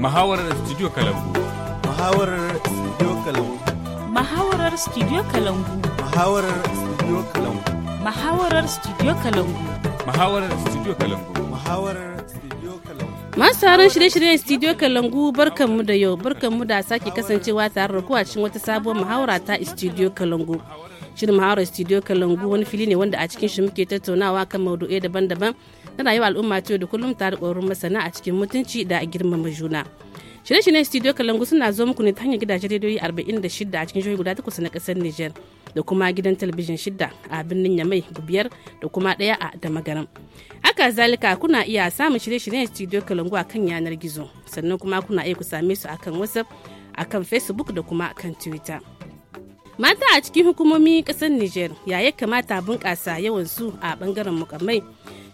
Muhawarar Studio kalangu. Muhawarar Studio kalangu. Muhawarar Studio kalangu. Muhawarar Studio kalangu. Muhawarar Studio kalangu. Muhawarar Studio kalangu. Muhawarar Studio Masu taron shirye-shiryen Studio Kalangu barkanmu da yau barkanmu da sake kasancewa tare da ku a cikin wata sabuwar muhawara ta Studio Kalangu. shirin muhawarar studio kalangu wani fili ne wanda a cikin shi muke tattaunawa kan maudu'ai daban-daban na rayuwar al'umma ta da kullum tare ƙwararrun masana a cikin mutunci da girmama juna shirye-shiryen studio kalangu suna zo muku ne ta hanyar gidajen rediyoyi 46 a cikin jihohi guda takwas na ƙasar nijar da kuma gidan talabijin shida a birnin yamai biyar da kuma daya a damagaram haka zalika kuna iya samun shirye-shiryen studio kalangu a kan yanar gizo sannan kuma kuna iya ku same su akan whatsapp akan facebook da kuma kan twitter mata a cikin hukumomi kasar niger ya ya kamata bunƙasa yawan su a bangaren mukammai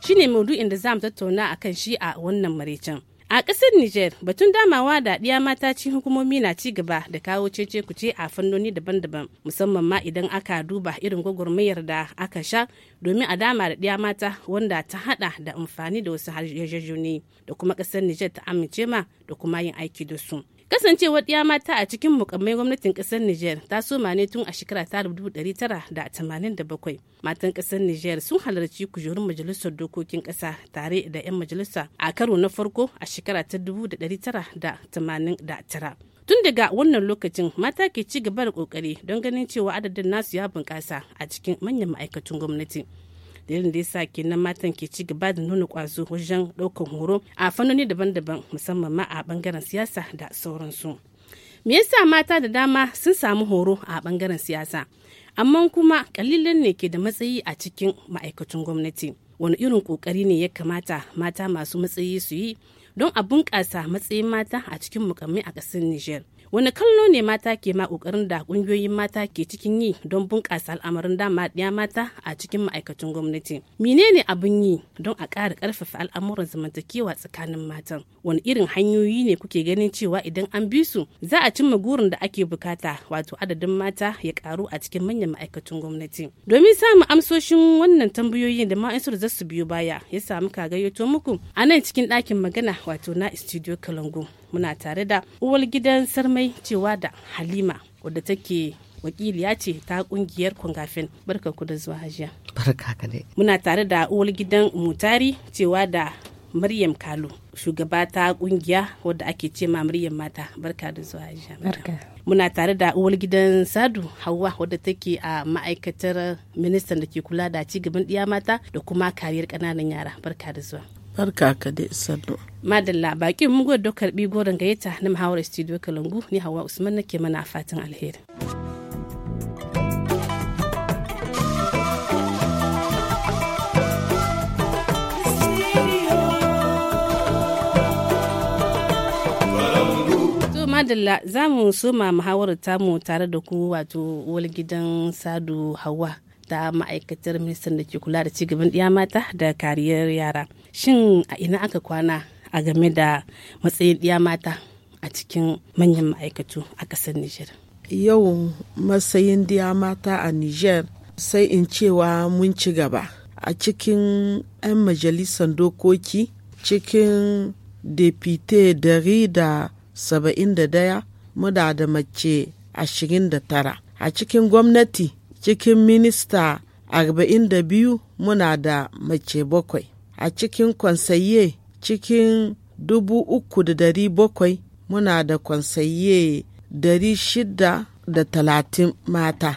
shine maudu'in da za mu tattauna a kan shi a wannan maraicen a kasar niger batun damawa da ɗiya mata cikin hukumomi na ci gaba da kawo cece kuce a fannoni daban-daban musamman ma idan aka duba irin gwagwarmayar da aka sha domin a dama da ɗiya mata wanda ta hada da amfani da wasu yarjejuni da kuma kasar niger ta amince ma da kuma yin aiki da su Kasancewar ɗiya mata a cikin mukammai gwamnatin ƙasar Nijar ta soma ne tun a shekara ta 1987. Matan ƙasar Nijar sun halarci kujerun majalisar dokokin ƙasa tare da 'yan majalisa a karo na farko a shekara ta 1989. tun daga wannan lokacin mata ke ci gaba da kokari don ganin cewa adadin nasu ya bunƙasa a cikin manyan ma'aikatun gwamnati da dalilin da yasa kenan matan ke ci gaba da nuna kwazo wajen ɗaukar horo a fannoni daban-daban musamman ma a ɓangaren siyasa da sauransu me yasa mata da dama sun samu horo a bangaren siyasa amma kuma kalilan ne ke da matsayi a cikin ma'aikacin gwamnati wani irin ƙoƙari ne ya kamata mata masu matsayi su yi don a bunƙasa matsayin mata a cikin mukamai a ƙasar niger wani kallo ne mata ke ma kokarin da ƙungiyoyin mata ke cikin yi don bunƙasa al'amarin dama ɗaya mata a cikin ma'aikatun gwamnati menene abin yi don a ƙara ƙarfafa al'amuran zamantakewa tsakanin matan wani irin hanyoyi ne kuke ganin cewa idan an bi su za a cimma gurin da ake bukata wato adadin mata ya karu a cikin manyan ma'aikatun gwamnati domin samun amsoshin wannan tambayoyin da ma'aikatar za su biyo baya ya samu kagayyato muku a nan cikin ɗakin magana wato na studio kalangu muna tare da uwar gidan sarmai cewa da halima wadda take wakiliya ce ta kungiyar kungafin barka ku da zuwa hajiya barka ka dai muna tare da uwar gidan mutari cewa da maryam kalu shugaba ta kungiya wadda ake ce ma maryam mata barka da zuwa hajiya muna tare da uwar gidan sadu hawa wadda take a ma'aikatar ministan da ke kula da ci gaban ɗiya mata da kuma kariyar ƙananan yara barka da zuwa barka ka dai sannu madalla bakin mu da karbi goron gayyata na muhawar studio kalangu ni hawa usman nake mana fatan alheri madalla za mu soma muhawarar tamu tare da ku wato wal gidan sadu hawa ta ma'aikatar ministan da ke kula da cigaban ɗiya mata da kariyar yara shin a ina aka kwana a game da matsayin ɗiya mata a cikin manyan ma'aikatu a ƙasar niger yau matsayin ɗiya mata a niger sai in cewa mun ci gaba a cikin 'yan majalisar dokoki cikin depute dari da saba'in da daya muda da mace ashirin da tara a cikin gwamnati cikin minista 42 muna da mace bakwai a cikin kwansaye cikin 3,700 muna da kwansaye 630 mata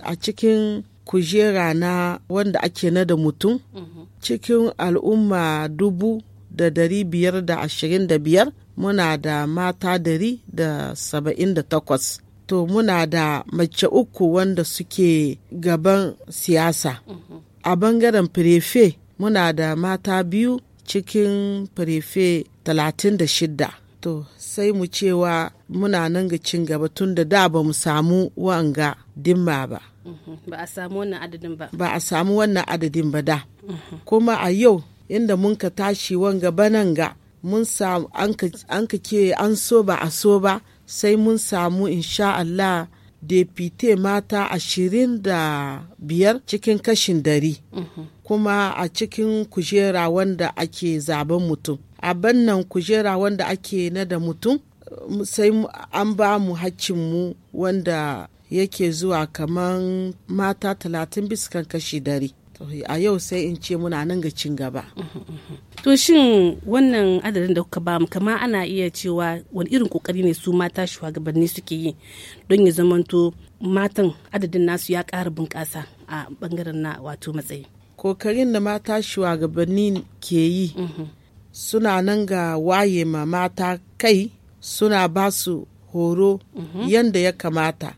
a cikin kujera na wanda ake na da mutum cikin al'umma dubu da dari biyar da ashirin da biyar muna da mata dari da saba'in da takwas to muna da mace uku wanda suke gaban siyasa a bangaren firefe muna da mata biyu cikin firefe 36 to sai mu cewa muna nan ga cin gaba tun da da ba mu samu wanga dimma ba ba a samu wannan adadin ba ba a samu wannan adadin ba da kuma a yau inda mun ka tashi wanga bananga mun samu an ka ke an so ba a so ba sai mun samu insha Allah depute mata ashirin da biyar cikin kashin dari mhm. kuma a cikin kujera wanda ake zaben mutum a nan kujera wanda ake na da mutum sai an ba mu mu wanda yake zuwa kaman mata talatin biskan kashi dari a yau sai in ce muna nan ga cin gaba. Uhm, uhm, uhm. To shin wannan adadin da kuka bamu kama ana iya cewa wani irin kokari ne su mata shugabanni suke yi don ya zamanto matan adadin nasu ya ƙara bunƙasa a bangaren na wato matsayi. Kokarin da mata shugabanni ke yi suna nan ga waye ma mata kai suna ba su horo yadda ya kamata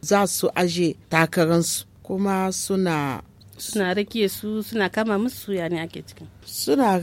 za su aje takararsu kuma suna suna rake su suna kama musu suya ne ake cikin suna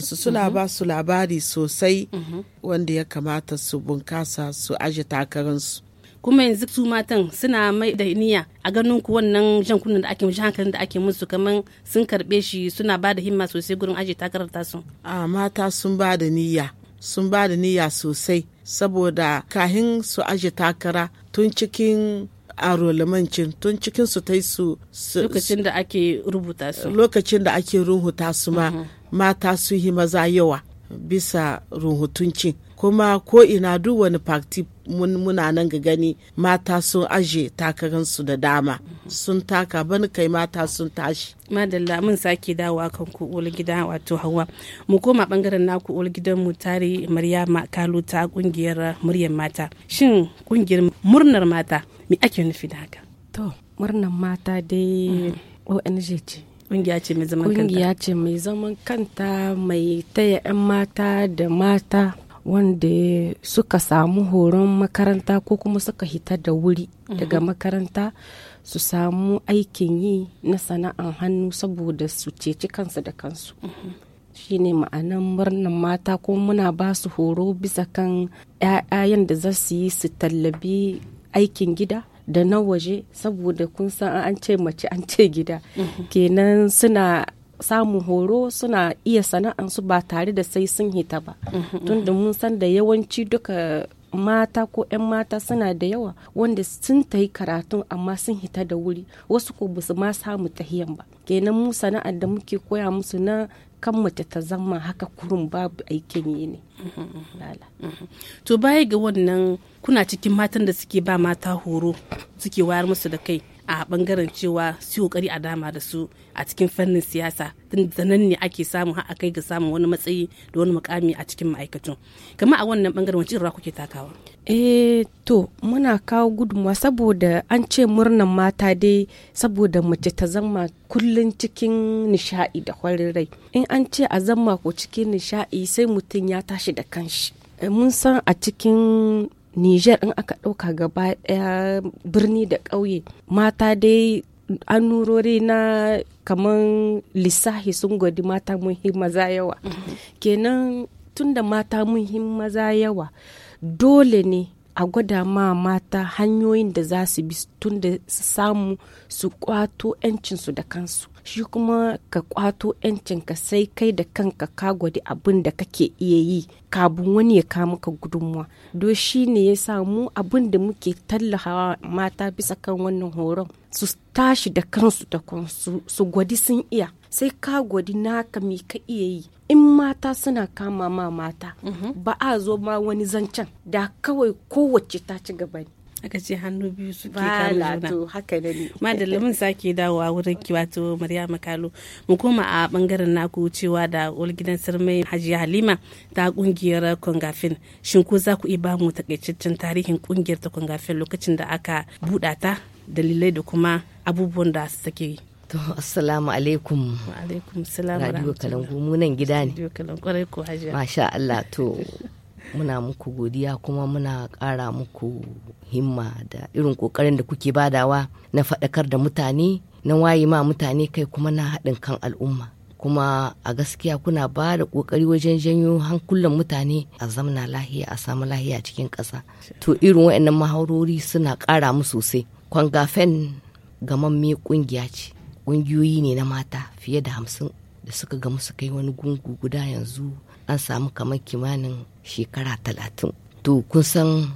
su suna mhm. ba su labari sosai mhm. wanda ya kamata su bunkasa su aje takararsu kuma yanzu su matan suna mai da niyya a ganin ku wannan jan kunnen da ake musu da ake musu kamar sun karbe shi suna ba da himma sosai gurin aje takarar tasu a mata sun ba da niyya sun ba da niyya sosai saboda kahin su aje takara tun cikin aro lamancin tun cikin su ta su lokacin da ake rubuta su lokacin da ake rubuta su ma mhm. mata su yi maza yawa bisa rubutuncin kuma ko ina duk wani fakti muna nan ga gani mata sun aje takaransu da dama mhm. sun taka bani kai mata sun tashi madalla mun sake dawowa kan ku gida wato hawa mu koma bangaren naku gidan mu tare maryama kalu ta kungiyar muryar mata shin kungiyar murnar mata me ake nufi da haka to murnan mata dai ong ce kungiya ce mai zaman kanta kungiya ce mai zaman kanta mai taya 'yan mata da mata wanda suka samu horon makaranta ko kuma suka hita da wuri daga mhm. makaranta su samu aikin yi na sana'an hannu saboda su ceci kansu da kansu mhm. shi ne ma'anan murnan mata ko muna ba su horo bisa kan 'ya'yan da za su yi su tallabi aikin gida da na waje saboda kun san an ce mace an ce gida mhm. kenan suna samun horo suna iya sana'ansu ba tare da sai sun hita ba mhm, mhm. tunda mun san da yawanci duka mata ko 'yan mata suna da yawa wanda sun ta yi karatun amma sun hita da wuri wasu ko ba su ma samu tahiyan ba kenan mu sana'ar da muke koya musu na kan mace ta zama haka kurun babu aikin yi ne to baya ga wannan kuna cikin matan da suke ba mata horo suke wayar musu da kai a bangaren cewa su kokari a dama da su a cikin fannin siyasa da nan ne ake samu har kai ga samun wani matsayi da wani mukami a cikin ma'aikatu? kamar a wannan bangaren wacce rawa kuke takawa Eh to muna kawo gudunmuwa saboda an ce murnan mata dai saboda mace ta zama kullum cikin nishaɗi da kwarin rai. In an ce a zama ko cikin nishaɗi sai mutum ya tashi da kanshi. Eh, mun san a cikin Nijar in aka ɗauka gaba ɗaya birni da ƙauye mata dai nurori na kaman lissahi sun gwadi mata muhim maza yawa. Mm-hmm. Kenan tunda mata muhim maza yawa. dole ne a gwada ma mata hanyoyin da za su bi tun da su samu su kwato 'yancinsu da kansu shi kuma ka kwato 'yancinka sai kai da kanka ka gwadi abin da kake iya yi kabin wani ya kama ka gudunmuwa do shi ne ya samu abin da muke tallahawa mata bisa kan wannan horon su tashi da kansu da kansu su gwadi sun iya sai ka gwadi naka me ka iya yi in mata suna kama ma mata mhm. ba a zo ma wani zancen da kawai kowace ta ci gaba ne aka ce hannu biyu suke kama juna haka da ne madalla mun sake dawowa wurin ki wato maryama mu koma a bangaren naku cewa da gidan sirmai hajiya halima ta kungiyar kongafin shin ko za ku iya bamu takaitaccen tarihin kungiyar ta kongafin lokacin da aka buɗa ta dalilai da kuma abubuwan da suke yi To assalamu alaikum. Wa alaikum Radio Kalangu munan nan gida ne. Radio Kalangu kwarai ko hajiya. Masha Allah to muna muku godiya kuma muna ƙara muku himma da irin ƙoƙarin da kuke badawa na faɗakar da mutane na waye ma mutane kai kuma na haɗin kan al'umma. kuma a gaskiya kuna ba da kokari wajen janyo hankulan mutane a zamna lahiya a samu lahiya cikin ƙasa to irin waɗannan mahaurori suna ƙara mu sosai kwangafen gamamme ƙungiya ce ƙungiyoyi ne na mata fiye da hamsin da suka gamu su kai wani gungu guda yanzu an samu kamar kimanin shekara talatin to kun san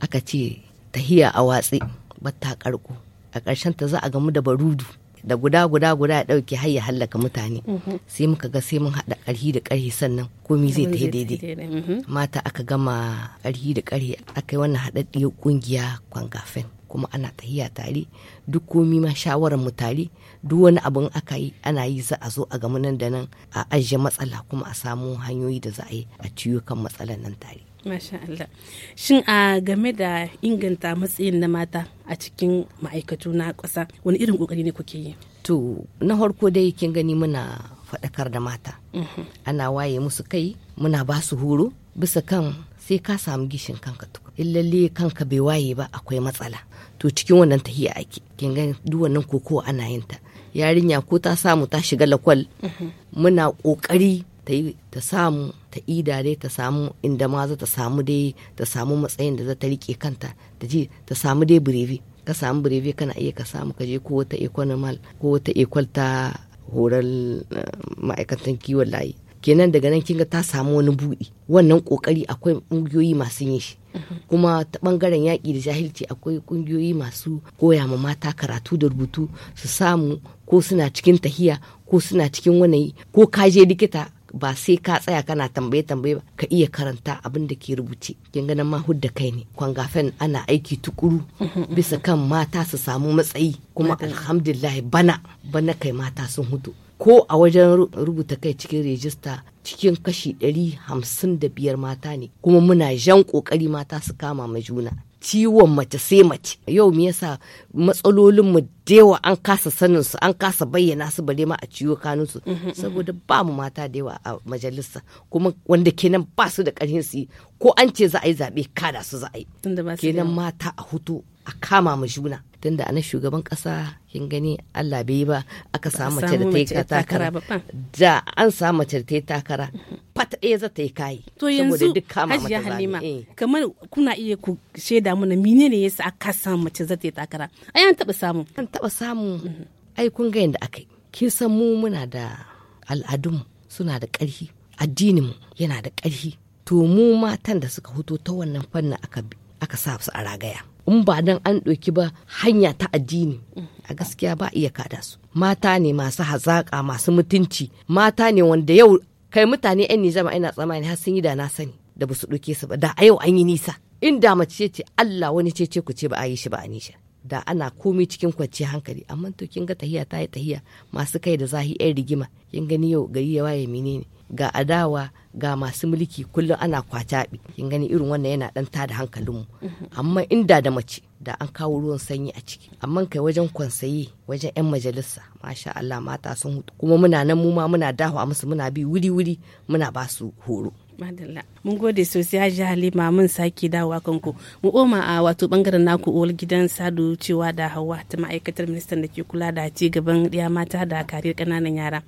aka ce tahiya a watsi batta karko a ƙarshen ta za a gamu da barudu da guda guda guda ya ɗauke har ya hallaka mutane mhm. sai muka ga sai mun haɗa ƙarhi da ƙarhi sannan komi zai ta daidai mhm. mata aka gama ƙarhi da ƙarhi aka yi wannan haɗaɗɗiyar ƙungiya kwangafen kuma ana tahiya tare duk komi ma shawarar mu tare duk wani abin aka yi ana yi za a zo a gamu nan da nan a ajiye matsala kuma a samu hanyoyi da za a yi a ciyo kan matsalar nan tare Masha Allah. Shin a game da inganta matsayin na mata a cikin ma'aikatu na ƙasa wani irin ƙoƙari ne kuke yi? To, na farko dai kin gani muna faɗakar da mata. Mhm. Ana waye musu kai, muna ba su horo bisa kan sai ka samu gishin kanka in lalle kanka bai waye ba akwai matsala to cikin wannan tahiya ake kin ga duk wannan koko ana yin ta yarinya ko ta samu ta shiga lakwal mhm. muna kokari ta yi ta samu ta idare ta samu inda ma za ta samu dai ta samu matsayin da za ta rike kanta ta ji ta samu dai birevi ka samu birevi kana iya ka samu ka je ko wata economal ko wata equal ta horar eh, ma'aikatan kiwon layi kenan daga nan kinga ta samu wani buɗi wannan kokari akwai ƙungiyoyi masu yin shi kuma ta bangaren yaƙi da jahilci akwai ƙungiyoyi masu koya ma mata karatu da rubutu su samu ko suna cikin tahiya ko suna cikin wanayi ko ka je likita ba sai ka tsaya kana tambaye tambaye ba ka iya karanta abin da ke rubuce kin ganin ma hudda kai ne kwangafen ana aiki tukuru bisa kan mata su samu matsayi kuma alhamdulillah bana bana kai mata sun hudu ko a wajen rubuta kai cikin rijista cikin kashi ɗari hamsin da biyar mata ne kuma muna jan kokari mata su kama ma juna ciwon mace sai mace yau me yasa matsalolin mu dewa an kasa sanin su an kasa bayyana su bare ma a ciwo kanun su mm-hmm, mm-hmm. saboda ba mu mata da yawa a majalisa kuma wanda kenan ba su da karhin su ko an ce za a yi zabe kada su za a yi kenan mata a hutu a kama mu juna tunda anan shugaban kasa kin gani Allah bai ba aka samu mace da ta takara da an samu mace da ta takara fata ɗaya za ta yi kayi to yanzu hajiya halima eh. kamar kuna iya ku shaida mana mine ne yasa aka samu mace za ta yi takara ai an taba samu an taba samu mhm. ai kun ga yanda akai kin san mu muna da al'adun suna da ƙarfi addinin mu yana da ƙarfi to mu matan da suka huto ta wannan fannin aka aka sa su a ragaya in ba nan an ɗauki ba hanya ta addini a gaskiya ba iya kada su mata ne masu hazaƙa masu mutunci mata ne wanda yau kai mutane 'yan nijama ina tsammani har sun yi da na sani da ba su ɗauke su ba da a yau an yi nisa in da mace ce Allah wani ce ce ku ce ba a yi shi ba a nisha da ana komi cikin kwanciyar hankali amma to kin ga tahiya ta yi tahiya masu kai da zahi 'yan rigima kin gani yau gari ya waye menene ga adawa ga masu mulki kullum ana kwataɓi kin gani irin wannan yana dan tada hankalinmu mhm. amma inda da mace da an kawo ruwan sanyi a ciki amma kai wajen kwansaye wajen yan majalisa masha Allah mata sun hutu kuma muna nan mu ma muna dawa musu muna bi wuri wuri muna ba su horo madalla mun gode sosai halima mun sake dawowa kanku mu koma a wato bangaren naku uwar gidan sadu cewa da hawa ta ma'aikatar ministan da ke kula da ci gaban ɗiya mata da kariyar kananan yara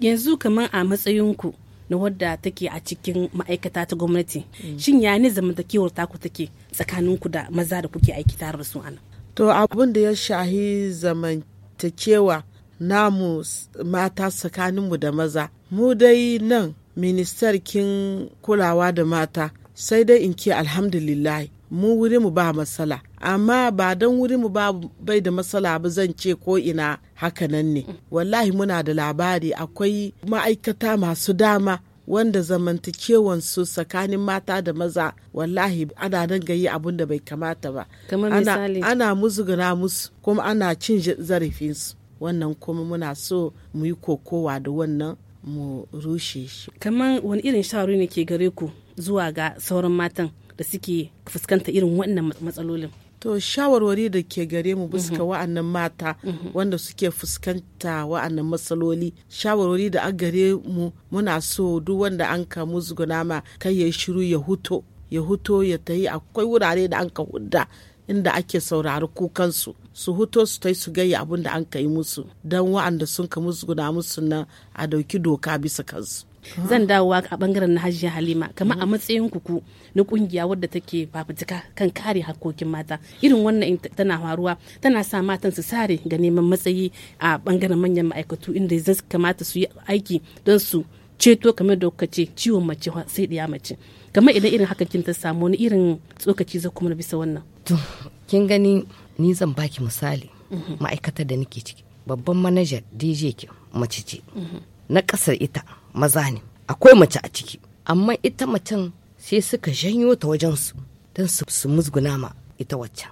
yanzu kamar a matsayinku na wadda take a cikin ma'aikata ta gwamnati shin ya ne zamantakewar taku take tsakaninku da maza da kuke aiki tare da su ana to abin da ya shahi zamantakewa namu mata tsakaninmu da maza mu dai nan ministarkin kulawa da mata sai dai in ke alhamdulillah mu wuri mu ba matsala amma ba don wuri mu ba bai da matsala ba zan ce ko ina hakanan ne wallahi muna da labari akwai ma'aikata masu dama wanda zamantakewansu tsakanin mata da maza wallahi ana nan gayi abun da bai kamata ba ana, ana muzuguna musu kuma ana cin zarafinsu wannan kuma muna so mu yi kokowa da wannan mu rushe shi kamar wani irin shawaru ne ke gare ku zuwa ga sauran matan da suke fuskanta irin wannan matsalolin to shawarwari da ke gare mu buska mhm. wa'annan mata mhm. wanda suke fuskanta wa'annan matsaloli shawarwari da an gare mu muna so duk wanda an kamu zuguna ma kai ya shiru ya huto ya huto ya tayi akwai wurare da an ka hudda inda ake saurari kukansu su huto su tai su gayya abin da an yi musu don wa'anda sun kamu zuguna musu nan a dauki doka bisa kansu zan dawo a bangaren na halima kamar a matsayin kuku na kungiya wadda take fafutuka kan kare hakokin mata irin wannan tana faruwa tana sa matan su sare ga neman matsayi a bangaren manyan ma'aikatu inda zai kamata su yi aiki don su ceto kamar da ce ciwon mace sai ɗaya mace kamar idan irin haka kin ta samu wani irin tsokaci zai kuma bisa wannan to kin gani ni zan baki misali mhm. ma'aikatar da nake ciki babban manajar dj ke mace ce mhm. na ƙasar ita maza ne akwai mace a ciki amma ita macen sai suka janyo ta wajen su don su musguna ma ita waccan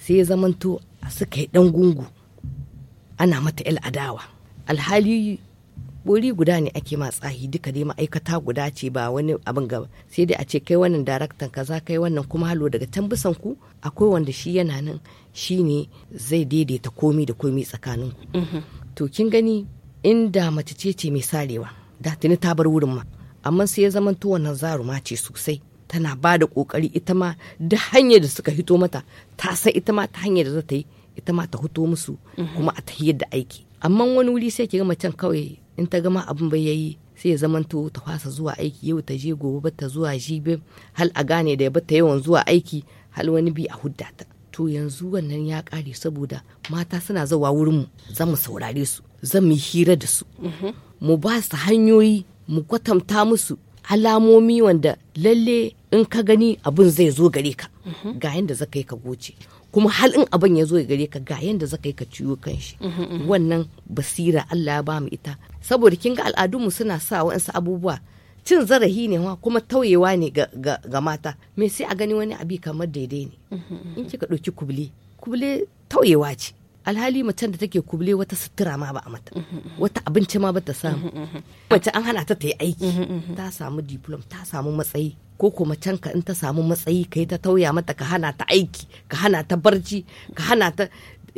sai ya zamanto a suka yi ɗan gungu ana mata il adawa alhali bori guda ne ake ma duka dai ma'aikata guda ce ba wani abin gaba sai dai a ce kai wannan daraktan kaza kai wannan kuma halo daga can bisan ku akwai wanda shi yana nan shi ne zai daidaita komi da komi tsakanin ku mhm. to kin gani inda mace ce ce mai sarewa da tuni ta bar wurin ma amma sai ya zama to wannan zaruma ce sosai tana ba da kokari ita ma da hanyar da suka hito mata ta sai ita ma ta hanyar da za ta yi ita ma ta hito musu mhm. kuma a tahiyar da aiki amma wani wuri sai ke ga macen kawai in ta gama abin bai yayi sai ya zamanto ta fasa zuwa aiki yau ta je gobe ba ta zuwa jibe hal a gane da ya bata yawan zuwa aiki hal wani bi a hudda ta to yanzu wannan ya kare saboda mata suna zawa wurin mu za mu saurare su zan mu hira da su mu ba su hanyoyi mu kwatanta musu alamomi wanda lalle in ka gani abin zai zo gare ka ga yadda za ka yi ka goce kuma hal in abin ya zo gare ka ga yadda za ka yi ka ciwo kanshi wannan basira Allah ya ba mu ita saboda kin ga al'adunmu suna sa wa'ansu abubuwa cin zarafi ne ma kuma tauyewa ne ga, mata me sai a gani wani abi kamar daidai ne in kika ɗauki kubule kubule tauyewa ce alhali macen da take kubule wata sutura ma ba a mata wata abinci ma ba ta samu mace an hana ta ta yi aiki ta samu diplom ta samu matsayi ko ko macen ka in ta samu matsayi ka yi ta tauya mata ka hana ta aiki ka hana ta barci ka hana ta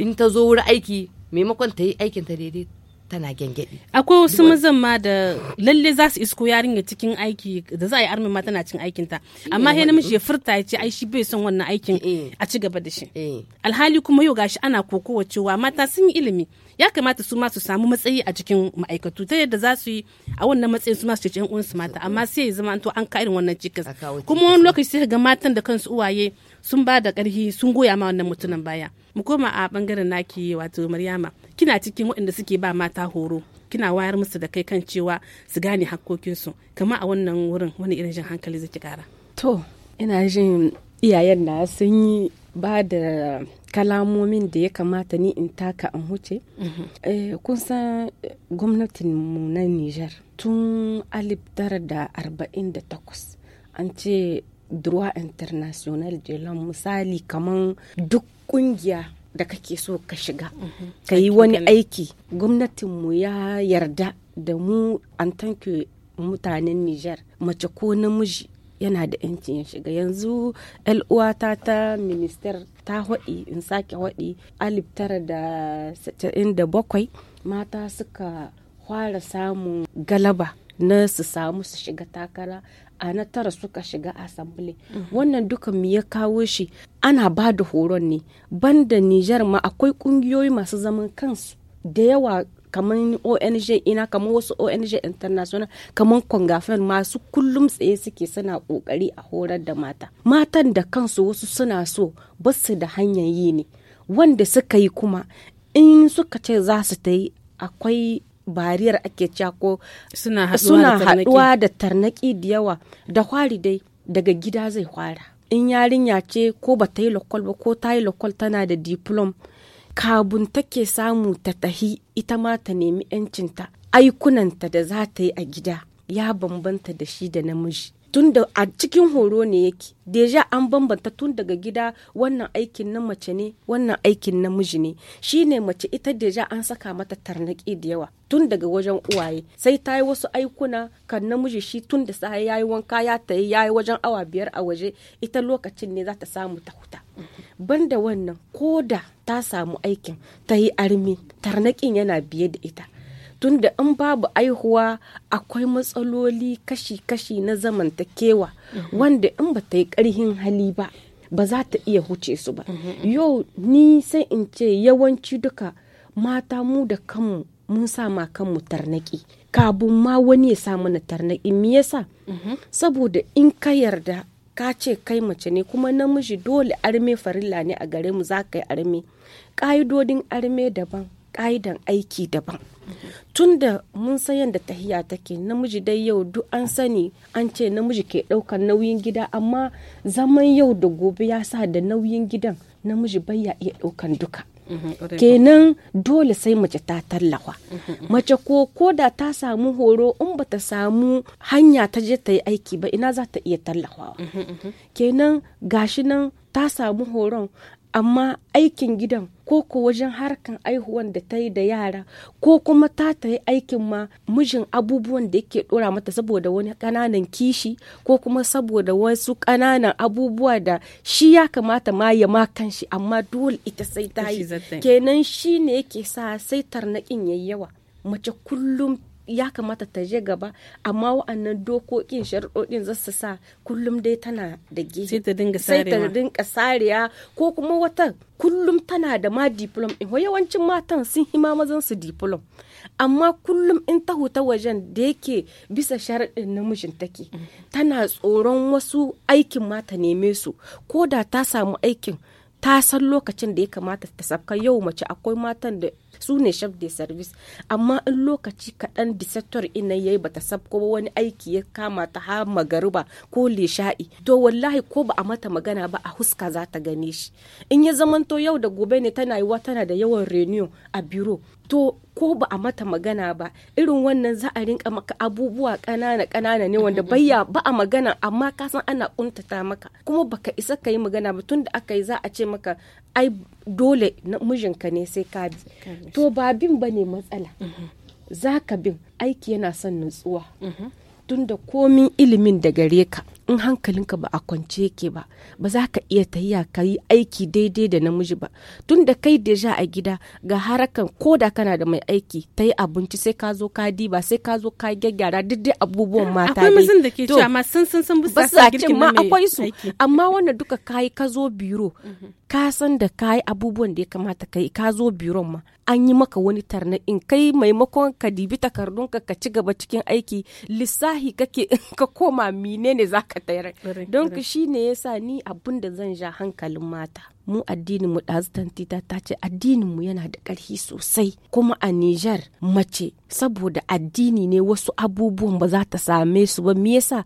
in ta zo wuri aiki maimakon ta yi aikin ta daidai tana gengedi akwai wasu mazan ma da lalle za su isko yarinya cikin aiki da za a yi armin ma tana cin aikin ta amma sai namiji ya furta ya ce ai shi bai son wannan aikin eh, eh. a ci gaba da shi eh. alhali kuma yau gashi ana kokowa cewa mata sun yi ilimi ya kamata su ma su samu matsayi a cikin ma'aikatu ta yadda za su yi a wannan matsayin su ma su ce uwansu mata amma sai ya zama to an ka irin wannan cikas kuma wani lokaci sai ga matan da kansu uwaye sun ba da ƙarfi sun goya ma wannan mutumin baya mu koma a bangaren naki wato maryama kina cikin waɗanda suke ba mata horo kina wayar musu da kai kan cewa su gane hakkokinsu kama a wannan wurin wani irin jin hankali zai kara to ina jin iyayen na sun yi ba da kalamomin da ya kamata ni in taka an huce mhm. eh, kun san gwamnatin mu na nijar tun alif tara da arba'in da takwas an ce droit international de l'homme misali kaman duk kungiya da kake so ka shiga mhm. ka yi wani aiki gwamnatinmu ya yarda da mu an tanke mutanen Nijar mace ko namiji yana da 'yancin ya shiga yanzu uwata ta minister ta haɗi in sake haɗi alif tara da bakwai mata suka fara samun galaba na su samu su shiga takara a na tara suka shiga asambili mhm. wannan duka mu ya kawo shi ana ba da horon ne banda nijar ma akwai kungiyoyi masu zaman kansu da yawa kamar ong ina kamar wasu ong international kamar kwangafen masu kullum tsaye suke suna kokari a horar da mata matan da kansu wasu suna so basu da hanyar yi ne wanda suka yi kuma in suka ce za su ta yi akwai bariyar ake cako suna haɗuwa da tarnaki da yawa da hwari dai daga gida zai hwara in yarinya ce ko ba ta yi lokol ba ko ta yi lokol tana da diplom kabun take samu ta tahi ita ma ta nemi yancinta aikunanta da za ta yi a gida ya bambanta da shi da namiji tun da a cikin horo ne yake deja an bambanta tun daga gida wannan aikin na mace ne wannan aikin na namiji ne shine mace ita deja an saka mata tarnaki da yawa tun daga wajen uwaye sai ta yi wasu aikuna kan namiji shi tun da sai ya yi wanka ya ta yi ya yi wajen awa biyar a waje ita lokacin ne za ta samu ta huta banda wannan ko da ta samu aikin ta yi armi tarnakin yana biye da ita tunda in babu aihuwa akwai matsaloli kashi-kashi na zamantakewa mhm. wanda in ba ta yi ƙarhin hali ba ba za ta iya huce su ba mhm. yau ni sai in ce yawanci duka mata mu da kanmu mun sa ma kanmu tarnaki kabin ma wani ya sa mana tarnaki me yasa mhm. saboda in ka yarda ka ce kai mace ne kuma namiji dole arme farilla ne a gare mu za ka yi arme ƙa'idodin arme daban ƙa'idan aiki daban tun da mun san yadda tahiya take namiji dai yau duk an sani an ce namiji ke ɗaukar nauyin gida amma zaman yau da gobe ya sa da nauyin gidan namiji bai ya iya ɗaukar duka mhm, kenan dole sai mace ta tallafa mhm, mhm, mace ko da ta samu horo in bata samu hanya ta je ta yi aiki ba ina za ta iya tallafawa kenan gashi nan ta samu horon amma aikin gidan ko ko wajen harkan aihuwan da ta yi da yara ko kuma ta ta yi aikin ma mijin abubuwan da yake dora mata saboda wani kananan kishi ko kuma saboda wasu kananan abubuwa da shi ya kamata ma ya ma kanshi amma dole ita sai ta yi kenan shi ne yake sa sai tarnaƙin yayi yawa mace kullum ya kamata ta je gaba amma wa'annan dokokin sharuɗoɗin za su sa kullum dai tana da gehe sai ta dinga sarewa ko kuma wata kullum tana da ma diplom in yawancin matan sun hima mazan su diplom amma kullum in ta huta wajen da yake bisa sharaɗin namijin take tana tsoron wasu aikin mata neme su ko da ta samu aikin ta san lokacin da ya kamata ta sabka yau mace akwai matan da su ne chef de service amma in lokaci kaɗan disaktor ina yayi bata sabko ba wani aiki ya kama ta ha magaruba ko lishai to wallahi ko ba a mata magana ba a huska za ta gane shi in ya zamanto yau da gobe ne tana yiwa tana da yawan renew a biro to ko ba a mata magana ba irin wannan za a rinka maka abubuwa ƙanana kanana ne wanda bayya ba a magana amma ka san ana kuntata maka kuma baka isa ka yi magana ba tunda aka yi za a ce maka ai dole mijinka ne sai ka bi to ba bin ba ne matsala mhm. za ka bin aiki yana son nutsuwa mhm. tunda komin ilimin da gare ka in hankalinka ba a kwance yake ba ba za ka iya tahiya ka yi aiki daidai da namiji ba tun da kai deja a gida ga harakan ko da kana da mai aiki ta yi abinci sai ka zo ka diba sai ka zo ka gyaggyara duk dai abubuwan mata akwai da ke ma sun sun sun ba sa ce ma akwai su amma wannan duka kayi ka zo biro mhm. ka san da ka yi abubuwan da ya kamata yi ka zo biron ma an yi maka wani tarna in kai maimakon ka dibi takardunka ka ci gaba cikin aiki lissahi kake ka koma menene zaka kwatar don ku shi ne ya sa ni abun da zan ja hankalin mata mu addinin mu ɗazutan tita ta ce addinin mu yana da ƙarfi sosai kuma a Nijar mace saboda addini ne wasu abubuwan ba za ta same su ba me yasa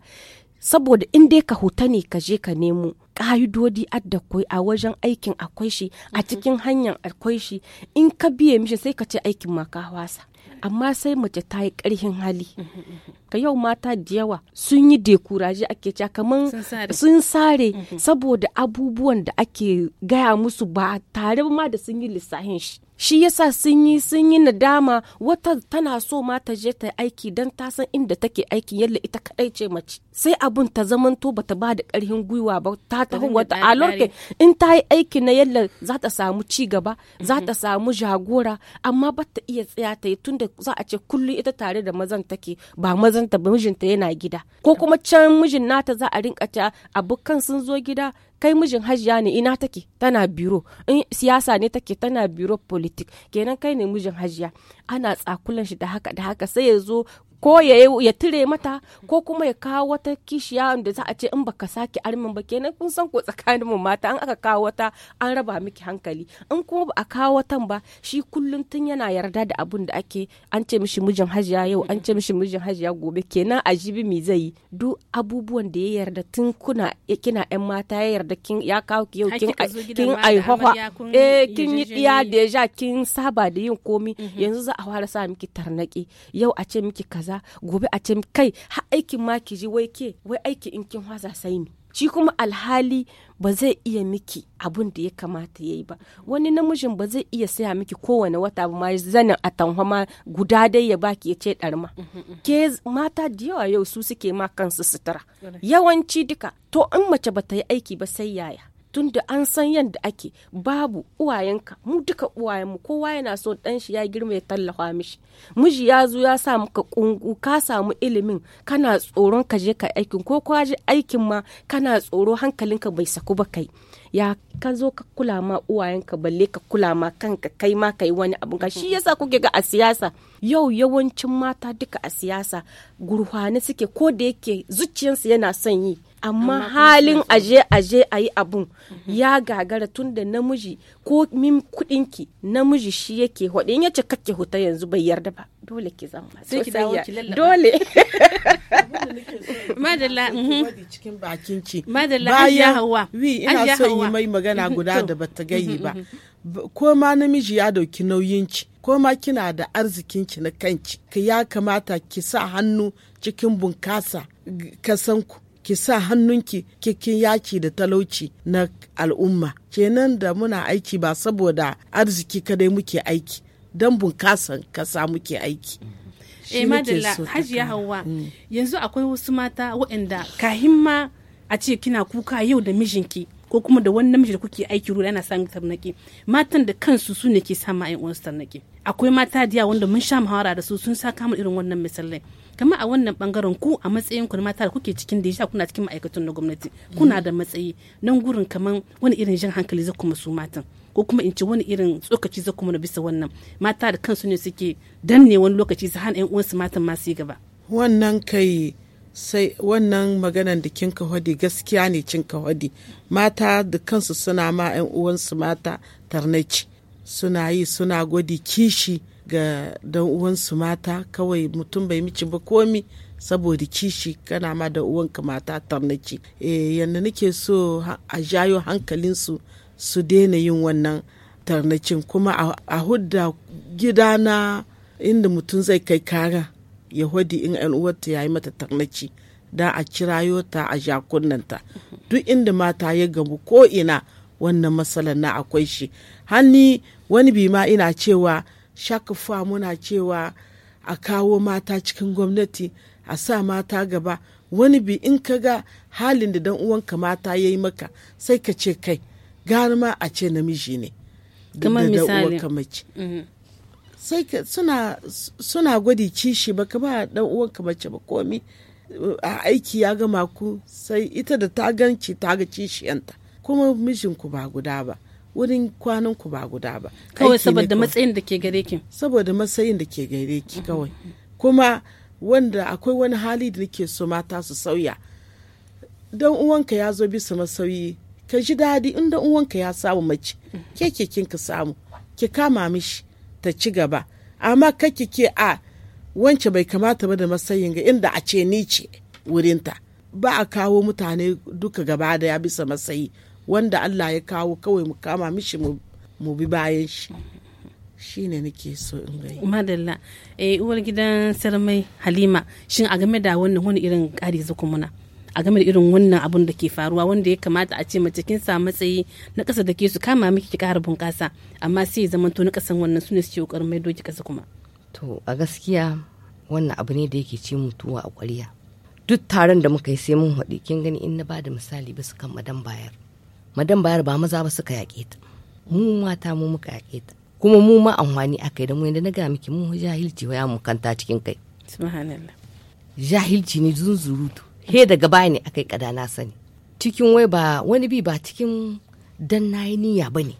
saboda in dai ka huta ne ka je ka nemo ƙa'idodi adda koi a wajen aikin akwai shi a mhm. cikin hanyar akwai shi in ka biye mishi sai ka ce aikin ma ka wasa amma sai mace ta yi ƙarhin hali ka mm-hmm, mm-hmm. yau mata da yawa sun yi dekuraji ake cewa kaman sun sare mm-hmm. saboda abubuwan da ake gaya musu ba tare ma da sun yi lissahin shi shi yasa sun yi sun yi nadama wata tana so ma ta je ta aiki don ta san inda take aiki yalla ita kadai ce mace sai abun ta zamanto bata ba da karhin gwiwa ba ta tafi wata alorke in ta yi aiki na yalla za ta samu ci gaba za ta samu jagora amma ba ta iya tsaya ta yi tunda za a ce kullum ita tare da mazan take ba mazan ta mijinta yana gida ko kuma can mijin nata za a rinka ta abokan sun zo gida kai mijin hajiya ne ina take tana biro in siyasa ne take tana biro politik kenan kai ne mijin hajiya ana tsakulan shi da haka da haka sai ya zo ko ya ya tire mata ko kuma ya kawo wata kishiya da za a ce in baka sake armin ba kenan kun san ko tsakanin mu mata an aka kawo wata an raba miki hankali in kuma ba a kawo watan ba shi kullum tun yana yarda da abun da ake an ce mishi mijin hajiya yau an ce mishi mijin hajiya gobe kenan a jibi mi zai yi duk abubuwan da ya yarda tun kuna kina yan mata ya yarda kin ya kawo ki yau kin kin aihoha eh kin yi diya deja kin saba da yin komi mhm. yanzu za a fara sa miki tarnaki yau a ce miki kaza ga gobe a can kai har aikin ma ki ji wai ke wai aiki in kin haza sai ni shi kuma alhali ba zai iya miki abun da ya kamata yayi ba wani namijin ba zai iya saya miki kowane wata ba ma zanin atanwa ma guda dai ya baki ya ce ɗarma ke mata da yawa yau su suke ma kansu sutura yawanci duka to in mace ba ta yi aiki ba sai yaya tun da an san yadda ake babu uwayenka mu duka uwayenmu kowa yana so dan shi ya girma ya tallafa mishi miji ya zo ya sa maka kungu ka samu ilimin kana tsoron ka je ka aikin ko ka je aikin ma kana tsoro hankalinka bai saku ba kai ya ka zo ka kula ma uwayenka balle ka kula ma kanka kai ma kai wani abu ka shi yasa kuke ga a siyasa yau yawancin mata duka a siyasa gurhwane suke ko da yake zuciyarsu yana son yi amma halin aje aje a yi abun ya gagara tun da namiji ko min kudinki namiji shi yake hudu in yace kake huta yanzu bai yarda ba dole ki zama sai ki dawo ki lallaba dole madalla mhm. cikin bakin ki madalla ajiya hawa wi ina so yi mai magana mhm. guda da bata gayi mhm, ba ko ma namiji ya dauki nauyin ki ko ma kina da arzikin ki na kanki ya kamata ki sa hannu cikin bunkasa kasanku ki sa hannunki kikin yaki da talauci na al'umma kenan da muna aiki ba saboda arziki kadai muke aiki don bunkasan kasa muke aiki eh madalla hajiya hawa mm. yanzu akwai wasu mata waɗanda kahimma himma a ce kina kuka yau da mijinki ko kuma da wani namiji da kuke aiki ruwa yana samun tarnaƙi matan da kansu su ne ke sama ayin uwansu tarnaƙi akwai mata diya wanda mun sha muhawara da su sun sa kamar irin wannan misalai kamar a wannan bangaren ku a matsayin ku na mata da kuke cikin da kuna cikin ma'aikatan na gwamnati kuna da matsayi nan gurin kamar wani irin jan hankali za kuma su matan ko kuma in ci wani irin tsokaci za kuma bisa wannan mata da kansu ne suke danne wani lokaci su hana 'yan uwansu matan masu yi gaba wannan kai sai wannan maganan da kin kawadi gaskiya ne cin kawadi mata da kansu suna ma 'yan uwansu mata tarnaci suna yi suna gwadi kishi ga dan uwansu mata kawai mutum bai mici ba komi saboda kishi kana ma da uwanka mata tarnaci e, eh, yadda nake so a jayo hankalinsu su daina yin wannan tarnacin kuma a hudda gidana inda mutum zai kai kara ya in yan uwarta ya yi mata tarnaci da a kirayo ta a jakunanta duk inda mata ya gamu ko ina wannan matsalar na akwai shi hannu wani bi ma ina cewa shakafa muna cewa a kawo mata cikin gwamnati a sa mata gaba wani bi in ka ga halin da dan uwanka mata ya yi maka sai ka ce kai gara ma a ce namiji ne kamar misali sai suna suna gwadi kishi ka ba dan uwanka mace ba komi a aiki ya gama ku sai ita da ta ganci ta ga kishiyanta kuma ku ba guda ba wurin kwanan ku ba guda ba kawai saboda matsayin da ke gare ki saboda matsayin da ke gare ki mm-hmm. kawai kuma wanda akwai wani hali da nake so mata su sauya dan uwanka ya zo bisa masauyi ka ji daɗi inda uwanka ya samu mace ke ke kin ka samu ki kama mishi ta ci gaba amma kake ke a wance bai kamata ba da matsayin ga inda a ce ni ce wurinta ba a kawo mutane duka gaba da ya bisa matsayi wanda Allah ya kawo kawai mu kama mishi mu bi bayan shi shi ne nake so in gai. Madalla, eh uwar gidan sarmai Halima, shin a game da wannan wani irin ƙari zuku muna? a game da irin wannan abun da ke faruwa wanda ya kamata a ce mace kin samu matsayi na ƙasa da ke su kama miki ki ƙara bunƙasa amma sai ya to na ƙasan wannan su ne su ce ƙoƙarin mai doki ƙasa kuma. to a gaskiya wannan abu ne da yake ci mutuwa a ƙwariya. duk taron da muka yi sai mun haɗi kin gani in na ba da misali bisa kan madan bayar madan bayar ba maza ba suka yaƙe ta mu mata mu muka yaƙe ta kuma mu ma anhwani a kai da mu yadda na ga miki mu jahilci waya mu kanta cikin kai subhanallah jahilci ne zunzurutu he daga baya ne akai kada na sani cikin wai ba wani bi ba cikin dan nayi niyya ba bane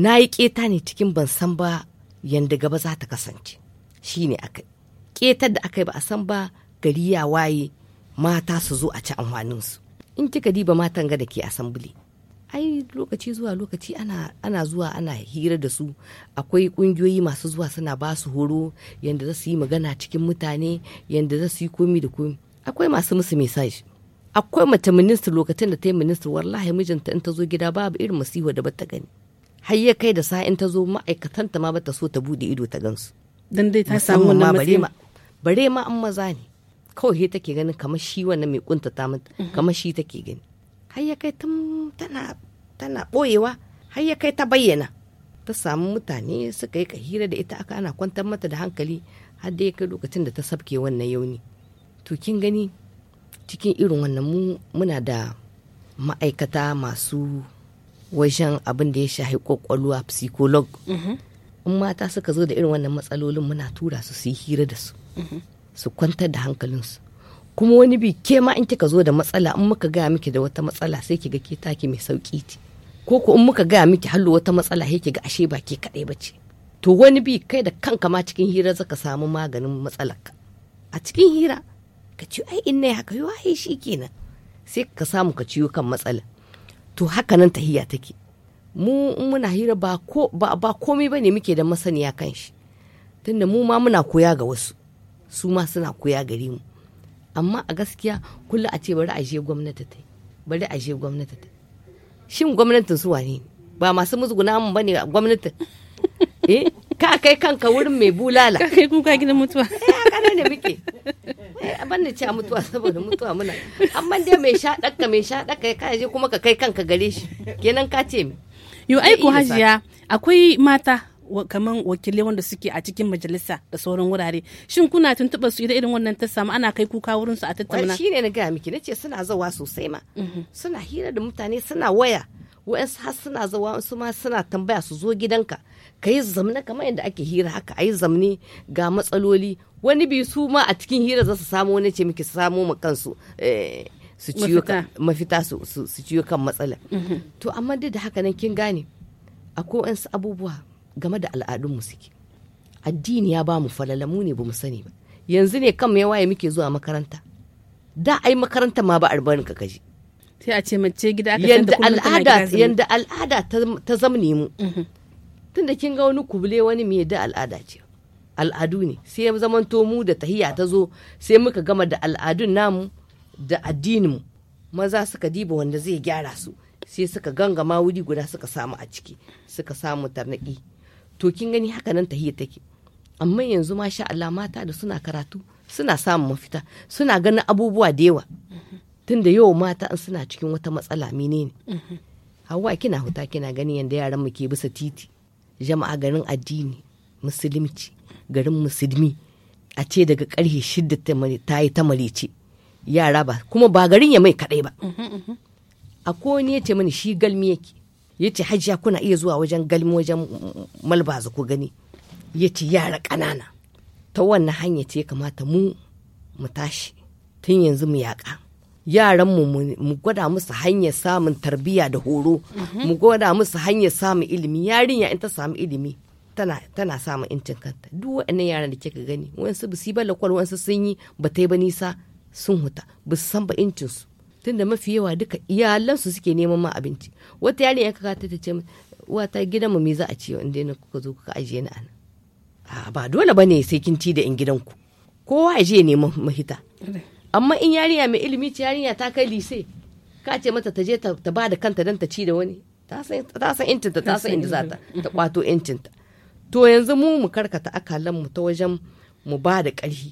yi keta ne cikin ban san ba yadda gaba za ta kasance shine akai ketar da akai ba a san ba gari ya waye mata su zo a ci amfaninsu in kika diba matan ga da ke asambili ai lokaci zuwa lokaci ana, ana zuwa ana hira da su akwai kungiyoyi masu zuwa suna ba su horo yadda za su yi magana cikin mutane yadda za su yi komi da komi akwai masu musu misaji akwai mace minista lokacin da ta yi minista wallahi mijinta in ta zo gida babu irin masiwa da bata gani har ya kai da sa in ta zo ma'aikatanta ma bata so ta bude ido ta gansu dan dai ta samu wannan bare ma bare ma an maza ne kawai he take ganin kamar shi wannan mai ta mata mhm. kamar shi take gani har ya kai tun tana tana boyewa har ya kai ta bayyana ta samu mutane suka yi kahira da ita aka ana kwantar mata da hankali har da ya kai lokacin da ta sabke wannan yauni to kin gani cikin irin wannan muna da ma'aikata masu wajen abin da ya shahi kwakwalwa psycholog mhm. in mata suka zo da irin wannan matsalolin muna tura su su yi hira da su mhm. su kwantar da hankalinsu kuma wani bi ke ma in kika zo da matsala in muka gaya miki da wata matsala sai ga ke taki mai sauki ce ko ko in muka gaya miki hallo wata matsala sai ga ashe ba ke kaɗai ba ce to wani bi kai da kanka ma cikin hira zaka samu maganin matsalarka a cikin hira ka ci ai in nayi haka yo shi kenan sai ka samu ka ciwo kan matsala to haka nan tahiya take mu muna hira ba ko ba, ba komai bane muke da masaniya kan shi tunda mu ma muna koya ga wasu su ma suna koya gare mu amma a gaskiya kullum a ce bari a je gwamnati ta bari a je gwamnati ta shin gwamnatin su wane ba masu muzguna mun bane gwamnati eh ka kai kanka wurin mai bulala ka kai kuka gidan mutuwa eh kana ne muke kai ban da ci a mutuwa saboda mutuwa muna amma dai mai sha ɗaka mai sha ɗaka ya kaje kuma ka kai kanka gare shi kenan ka ce mi yo aiko hajiya akwai mata kamar wakilai wanda suke a cikin majalisa da sauran wurare shin kuna tuntuɓa su idan irin wannan ta samu ana kai kuka wurin su a tattauna shi ne na gaya miki nace suna zawa sosai ma mhm. suna hira da mutane suna waya wa'ansu har suna zawa su ma suna tambaya su zo gidanka ka yi zamna kamar yadda ake hira haka a yi zamne ga matsaloli wani bi su ma a cikin hira za su samo wani ce miki samu samo ma kansu eh, su ciyo mafita su ciyo kan matsala mhm. to amma duk da haka nan kin gane akwai wasu abubuwa game da al'adunmu suke addini ya ba mu mu ne ba mu sani ba yanzu ne kan mai waye muke zuwa makaranta da ai makaranta ma ba arbanin ka kaji sai a ce mace gida aka yanda al'ada yanda al'ada ta zamne mu mhm. tunda kin ga wani kubule wani mai da al'ada ce al'adu ne sai ya zamanto mu da tahiya ta zo sai muka gama da al'adun namu da addinin mu maza suka diba wanda zai gyara su sai suka gangama wuri guda suka samu a ciki suka samu tarnaki to kin gani haka nan tahiya take amma yanzu masha Allah mata da suna karatu suna samun mafita suna ganin abubuwa da yawa tunda yau mata an suna cikin wata matsala menene mm-hmm. hawa kina huta kina gani yanda yaran mu ke bisa titi jama'a garin addini musulunci garin musulmi a ce daga karhe shidda ta yi ta yara ba kuma ba garin ya mai kadai ba mhm, mhm. a ko yace ce mani shi galmi yake ya ce hajiya kuna iya zuwa wajen galmi wajen malbazu ku gani ya ce yara ƙanana ta wannan hanya ce kamata mu mu tashi tun yanzu mu yaƙa yaran mu mu gwada musu hanyar samun tarbiyya da horo mhm. mu gwada musu hanyar samun ilimi yarinya in ta samu ilimi tana tana samun incin kanta duk waɗannan yaran da kika gani wasu ba su yi balakwal sun yi ba ta yi ba nisa sun huta ba su san ba incin su tunda mafi yawa duka iyalansu suke neman ma abinci wata yarinya kaka ta ce wata gidan mu me za a ce inda ne kuka zo kuka ajiye ni anan ba dole bane sai kin ci da in gidanku kowa ya je neman mahita amma in yarinya mai ilimi ce yarinya ta kai lise ka ce mata ta je ta ba da kanta don ta ci da wani ta san incinta ta san inda za ta ta kwato incinta to yanzu mu mu karkata akalan mu ta wajen mu ba da karfi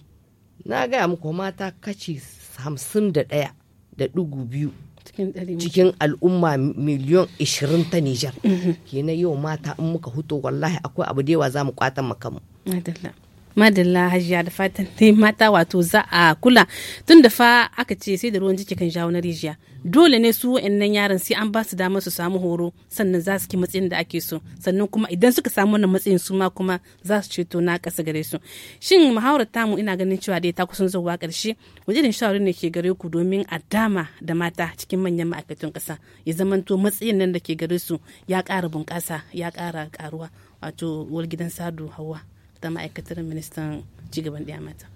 na gaya muku mata kaci hamsin da ɗaya da ɗugu biyu cikin al'umma miliyon ishirin ta Nijar. Mhm. kenan yau mata in muka huto wallahi akwai abu da yawa za mu kwatan makamu madalla hajiya da fatan dai mata wato za a kula tun da fa aka ce sai da ruwan jiki kan jawo na rijiya dole ne su nan yaran sai an ba su damar su samu horo sannan za su ki matsayin da ake so sannan kuma idan suka samu wannan matsayin su ma kuma za su ceto na ƙasa gare su shin muhawarar tamu ina ganin cewa dai ta kusan zuwa ƙarshe wani irin shawari ne ke gare ku domin a dama da mata cikin manyan ma'aikatan ƙasa ya zamanto matsayin nan da ke gare su ya ƙara bunƙasa ya ƙara ƙaruwa wato wal gidan sadu hawa ta ma'aikatar ministan cigaban ɗaya mata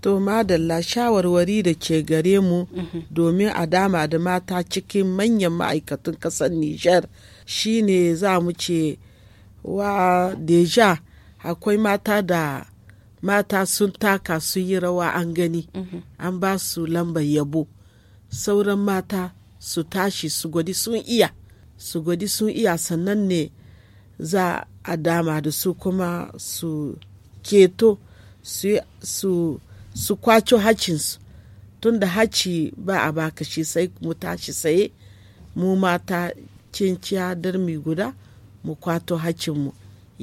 to madalla shawarwari da ke gare mu mhm. domin a dama da mata cikin manyan ma'aikatun kasar niger shine za mu ce wa deja akwai mata da mata sun taka su yi rawa an gani mhm. an ba su lambar yabo sauran mata su tashi su gwadi sun iya su gwadi sun iya sannan ne za a dama da su kuma su keto su su kwaco hacinsu tun da haci ba a baka shi sai mu tashi saye mu mata cinciya darmi guda mu kwato hacinmu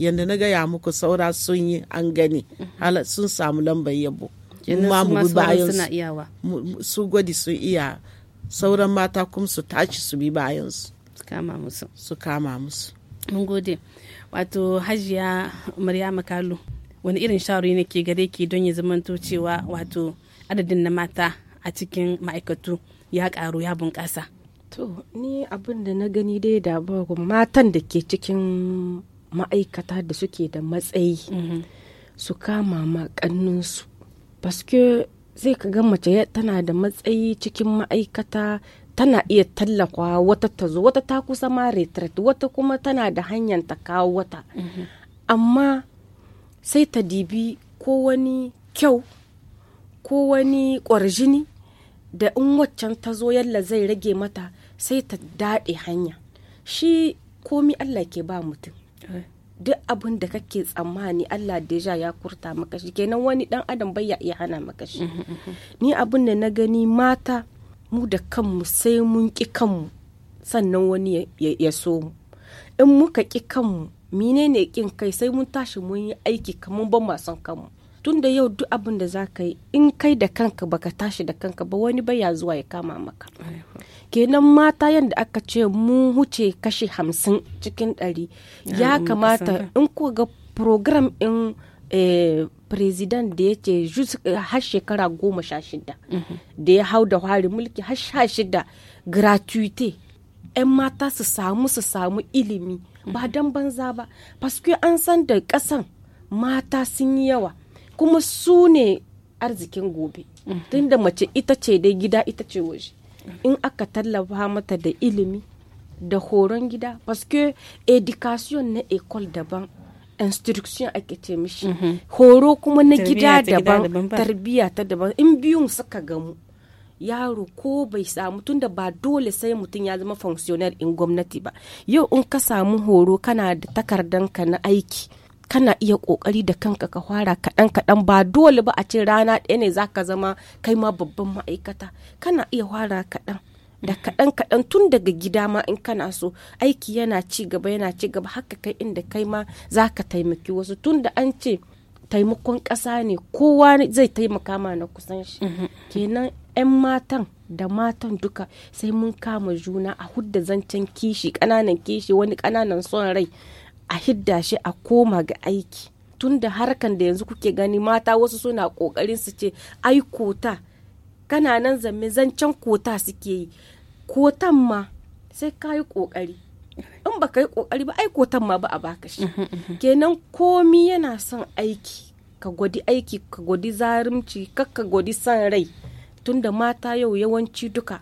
yadda na gaya muku saura sun yi an gani sun samu lambar yabo ma mu bayan su gwadi sun iya sauran mata kuma su tashi su bi bayan su kama musu su kama musu mun gode wato hajiya maryama kalu wani irin shawari ne ke gare ki don ya zamanto cewa wato adadin na mata a cikin ma'aikatu ya karu ya bunƙasa to ni abin da na gani dai da matan da ke cikin ma'aikata da suke da matsayi mm-hmm. su kama ma su. baske zai ka ga mace tana da matsayi cikin ma'aikata tana iya tallafa wata ta zo wata ta kusa ma retret wata kuma tana da hanyar ta kawo wata mm-hmm. amma sai ta dibi ko wani kyau ko wani ƙwarjini da in waccan ta zo yalla zai rage mata sai ta daɗe hanya shi komi allah ke ba mutum eh. duk abin da kake tsammani allah deja ya kurta maka shi kenan wani dan adam bai ya iya hana maka shi mm-hmm, mm-hmm. ni abin da na gani mata mu da kanmu sai mun ki kanmu sannan wani ya so mu in muka ƙi kanmu ne kin kai sai mun tashi mun yi aiki kamar ban masan kanmu tun da yau duk abin da za ka yi in kai da kanka baka tashi da kanka ba wani ya zuwa ya kama maka kenan mata yadda aka ce mu huce kashi hamsin cikin ɗari ya kamata in ko ga program in eh, president da ya ce har shekara goma sha shida mhm. da ya hau da hwari mulki har sha shida gratuite 'yan mata su samu su samu ilimi ba don banza ba paske an san da kasan, mata sun yi yawa kuma su ne arzikin gobe tunda mace ita ce dai gida ita ce waje in aka tallafa mata da ilimi da horon gida paske education na école daban instruction ake ce mishi mhm. horo kuma na gida daban tarbiya ta daban in biyun suka gamu yaro ko bai samu tunda ba dole sai mutum ya zama functional in gwamnati ba yau in ka samu horo kana da ka na aiki kana iya kokari da kanka ka fara kaɗan kaɗan ba dole ba a ce rana ɗaya ne za ka zama kai ma babban ma'aikata kana iya fara kaɗan da kaɗan kaɗan tun daga gida ma in kana so aiki yana ci gaba yana ci gaba haka kai inda kai ma za ka taimaki wasu tun da an ce taimakon ƙasa ne kowa zai taimaka ma na kusan shi mhm. kenan 'yan matan da matan duka sai mun kama juna a hudda zancen kishi kananan kishi wani kananan son rai a hidda shi a koma ga aiki tunda da harkan da yanzu kuke gani mata wasu suna kokarin su ce ai kota kana nan zamme zancen kota suke yi kotan ma sai ka yi kokari in ba yi kokari ba ai kotan ma ba a baka shi kenan komi yana son aiki ka gwadi aiki ka gwadi zarumci ka gwadi son rai tunda mata yau yawanci duka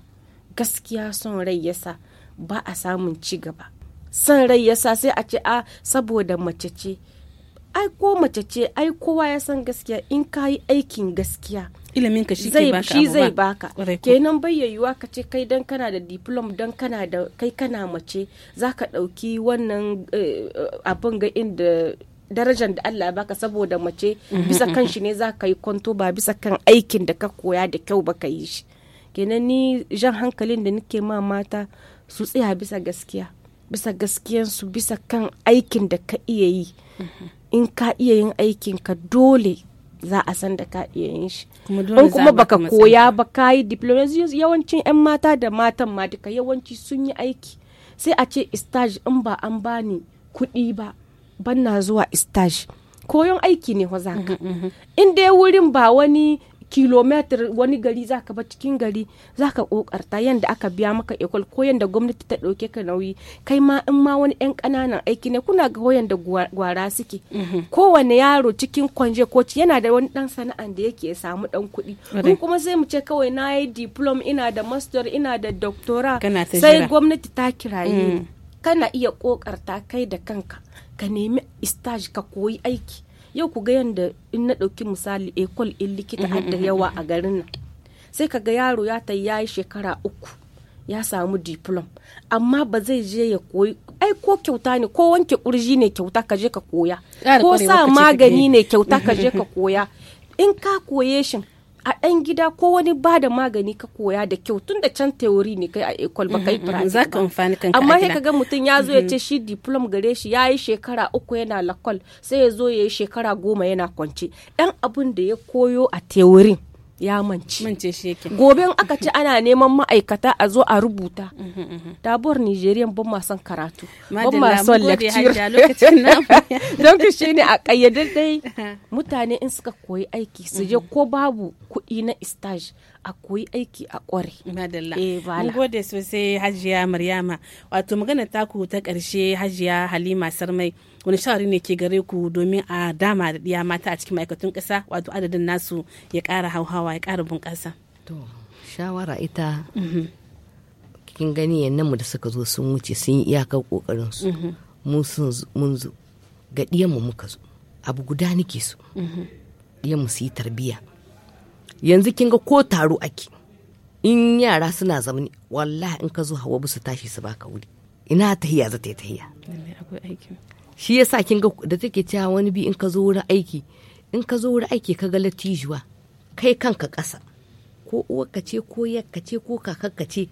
gaskiya son rai yasa ba a samun ci gaba son rai yasa sai a ce a ah, saboda mace ce ai ko mace ce ai kowa ya san gaskiya in ka yi aikin gaskiya ilimin ka shi ke baka shi zai baka kenan bayyayuwa ka ce kai dan kana da diplom dan kana da kai kana mace zaka dauki wannan eh, eh, abin ga inda darajar da Allah ya baka saboda mace bisa kan shi ne za ka yi kwanto ba bisa kan aikin da ka koya da kyau ba ka yi shi kenan ni jan hankalin da nake ma mata su tsaya bisa gaskiya bisa gaskiyansu bisa kan aikin da ka iya yi in ka iya yin aikin ka dole za a san da ka iya yin shi in kuma baka koya ba ka yi diploma yawancin 'yan mata da matan ma duka yawanci sun yi aiki sai a ce stage in ba an bani kuɗi ba banna zuwa stage koyon aiki ne za ka mm-hmm, mm-hmm. in dai wurin ba wani kilometer wani gari zaka ba cikin gari zaka ka kokarta yadda aka biya maka ekol ko yadda gwamnati ta ɗauke ka nauyi kai ma in ma wani yan ƙananan aiki ne kuna ga da gwara suke mm-hmm. kowane yaro cikin kwanje ko yana da wani ɗan sana'an da yake samu ɗan kuɗi mun kuma sai mu ce kawai na yi diplom ina da master ina da doctora sai gwamnati ta kiraye mm. kana iya kokarta kai da kanka ka nemi stage ka koyi aiki yau ku ga yadda in na ɗauki misali ekol in likita mhm, da mhm, yawa mhm. a garin nan sai ka ga yaro ya ta yayi shekara uku ya samu diplom amma ba zai je ya koyi ai ko kyauta ne ko wanke kurji ne kyauta ka je ka koya ko sa magani ne kyauta ka je ka koya in ka koye shin a ɗan gida ko wani ba da magani ka koya da kyau tun da can teori ne kai a ekol ba kai za amma sai ga mutum ya zo ya ce shi diplom gare shi ya yi shekara uku yana lakol sai ya zo ya yi shekara goma yana kwance ɗan abun da ya koyo a teorin ya mance mance shi yake gobe in aka ce ana neman ma'aikata a zo a rubuta tabuwar mhm, mhm. nigerian ban ma son karatu ban ma son lecture don ku shi ne a kayyade dai uh-huh. mutane in suka koyi aiki su je mhm. ko babu kuɗi na stage a koyi aiki a kware madalla eh, mun gode sosai hajiya maryama wato magana ta ku ta ƙarshe hajiya halima sarmai wani shawari ne ke gare ku domin a dama da ɗiya mata a cikin ma'aikatun ƙasa wato adadin nasu ya ƙara hauhawa ya ƙara bunƙasa to shawara ita mhm. kin gani yannan mu da suka zo sun wuce sun yi iyakar ƙoƙarin su mhm. mun sun mun zo ga mu muka zo abu guda nake so mhm. su yi tarbiyya yanzu kin ga ko taro ake in yara suna zamani wallahi in ka zo hawa su tashi su baka wuri ina tahiya za ta yi tahiya shi yasa kin ga da take cewa wani bi in ka zo wurin aiki in ka zo wurin aiki ka ga latijuwa kai kanka ƙasa ko uwarka ce ko yakka ce ko kakakka ce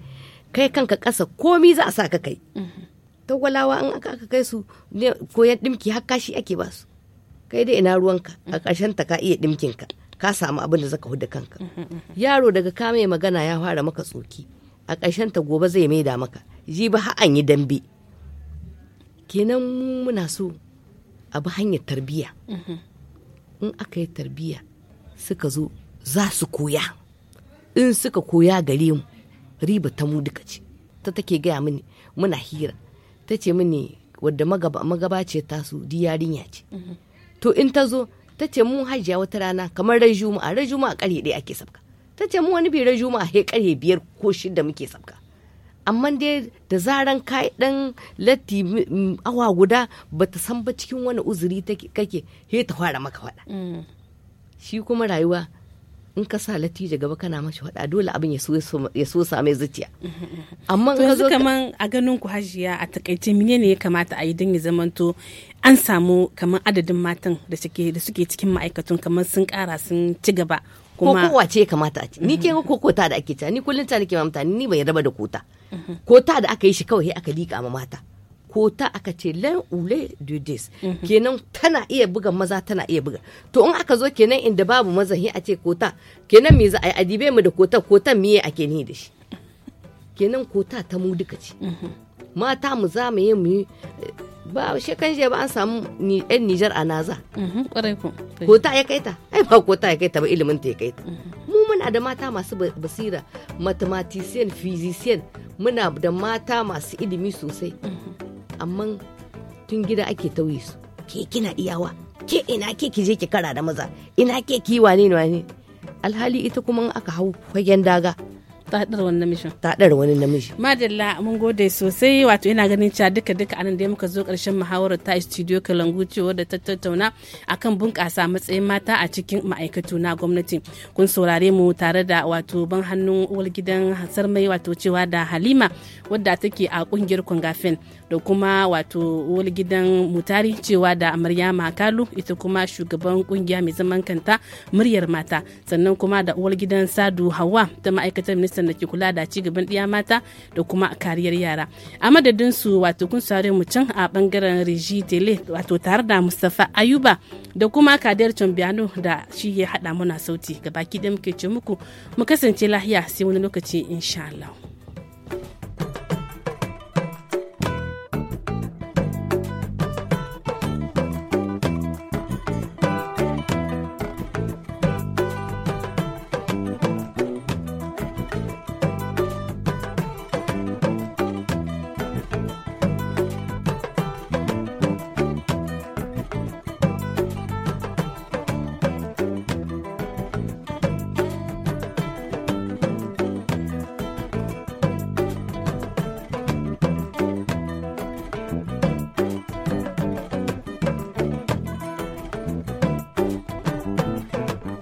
kai kanka ƙasa komi za a sa ka kai mm-hmm. tagwalawa in aka kai su koyan dimki har kashi ake ba su kai dai ina ruwanka a mm-hmm. ƙarshen ta ka iya dimkin ka ka samu abin da zaka huda kanka mm-hmm, yaro daga ka mai magana ya fara maka tsoki a ƙarshen ta gobe zai maida maka ji ba har an yi dambe kenan muna so a bi hanyar tarbiyya mhm. in aka yi tarbiyya suka zo za su koya in suka koya gare mu riba ta mu duka ce ta take gaya mini muna hira ta ce mini wadda magaba ce tasu di yarinya ce mhm. to in ta zo ta ce mun hajiya wata rana kamar rajuma a rajuma a karye ɗaya ake sabka ta ce mun wani bi rajuma a he karye biyar ko shida muke sabka amma dai da zaran kai dan latti mm, mm, awa guda ba ta san ba cikin wani uzuri kake he ta fara maka faɗa mm. shi kuma rayuwa in ka sa latija gaba kana mashi faɗa dole abin ya so same zuciya amma ka zo kaman a ganin ku hajiya a takaice ne ya kamata a yi don ya zamanto an samu kaman adadin matan da suke da suke cikin ma'aikatun kamar sun kara sun ci gaba kuma ko kowace ya kamata a ce ni ke ko kota da ake ta ni kullum ta nake mamta ni ban yarda da kota ko ta da aka yi shi kawai aka liƙa ma mata ko ta aka ce lan ule du dis kenan tana iya buga maza tana iya buga to in aka zo kenan inda babu mazahi a ce kota kenan me za a yi adibe mu da kota kotan miye ake ni da shi kenan kota ta mu duka ce mata mu za mu yi mu yi ba kan je ba an samu yan Nijar a Naza. Mhm, ko. Kota ya kaita? Ai ba kota ya kaita ba ilimin ta ya kaita. muna da mata masu basira mathematician physician muna da mata masu ilimi sosai mm-hmm. amma tun gida ake tauye su ke kina iyawa ke ina ke ki ki kara da maza ina ke ki wane ne alhali ita kuma aka hau fagen daga ta haɗar wani namijin ta wani namiji madalla mun gode sosai wato ina ganin cewa duka duka anan da muka zo ƙarshen muhawarar ta studio kalangu cewa da ta tattauna akan bunƙasa matsayin mata a cikin ma'aikatu na gwamnati kun saurare mu tare da wato ban hannun uwar gidan sarmai wato cewa da halima wadda take a ƙungiyar kwangafen da kuma wato uwar gidan mutari cewa da maryama kalu ita kuma shugaban ƙungiya mai zaman kanta muryar mata sannan kuma da uwar gidan sadu hawa ta ma'aikatar minista ministan da ke kula da ci gaban ɗiya mata da kuma kariyar yara a madadin su wato kun sare mu can a bangaren riji tele wato tare da mustafa ayuba da kuma kadiyar cambiano da shi ya haɗa muna sauti baki ɗaya muke ce muku mu kasance lahiya sai wani lokaci insha Allah.